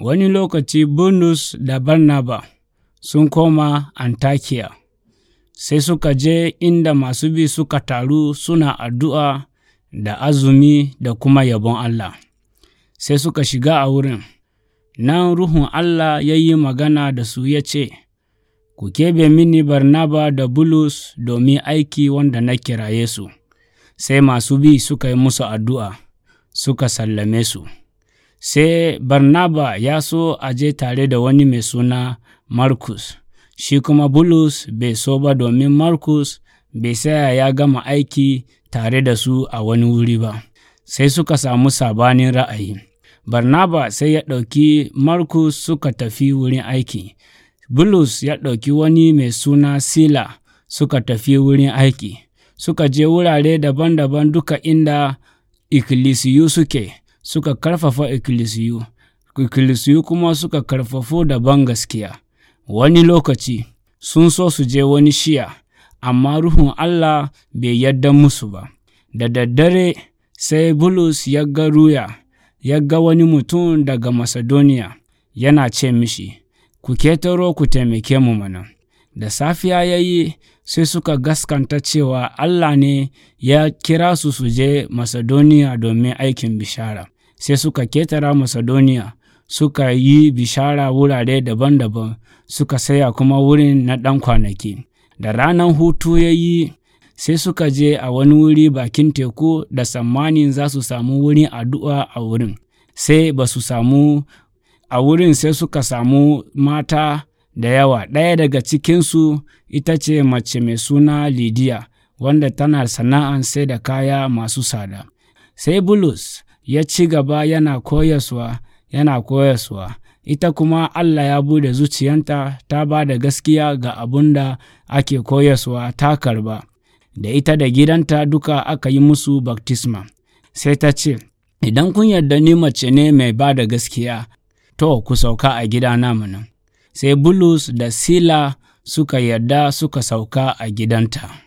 Wani lokaci Bulus da Barnaba sun koma Antakiya, sai suka je inda masu bi suka taru suna addu'a da azumi da kuma yabon Allah, sai suka shiga a wurin. Nan Ruhun Allah ya yi magana da su ya ce, Ku kebe mini Barnaba da Bulus domin aiki wanda na kiraye su, sai masu bi suka yi musu addu'a, suka sallame su. sai Barnaba ya so a je tare da wani mai suna Markus, shi kuma Bulus bai so ba domin Markus bai saya ya gama aiki tare da su a wani wuri ba, sai suka samu sabanin ra'ayi. Barnaba sai ya ɗauki Markus suka tafi wurin aiki, Bulus ya ɗauki wani mai suna Sila suka tafi wurin aiki, suka je wurare daban-daban duka inda ikilisiyu suke. suka karfafa ikilisiyu ikilisiyu kuma suka karfafu daban gaskiya. Wani lokaci sun so su je wani shiya, amma Ruhun Allah bai yadda musu ba. Da daddare sai Bulus ya ga ruya, ya ga wani mutum daga Macedonia yana ce mishi, Ku ketaro ku taimake mu mana. Da safiya ya yi sai suka gaskanta cewa Allah ne ya kira su su je Macedonia domin aikin bishara. sai suka ketara Macedonia, suka yi bishara wurare daban-daban, suka saya kuma wurin na ɗan kwanaki. Da ranar hutu ya yi, sai suka je a wani wuri bakin teku da tsammanin za su samu wurin addu'a a wurin. Sai ba su samu a wurin sai suka samu mata da yawa, ɗaya daga cikinsu ita ce mace mai suna Lidiya, wanda tana sana'an sai da kaya masu sada. Sai Bulus ya ci gaba yana koyaswa yana koyaswa ita kuma Allah ya bude zuciyanta ta ba da gaskiya ga abun da ake koyaswa ta karba da ita da gidanta duka aka yi musu baptisma sai ta ce idan kun yarda ni mace ne mai ba da gaskiya to ku sauka a gida namunan sai bulus da sila suka yarda suka sauka a gidanta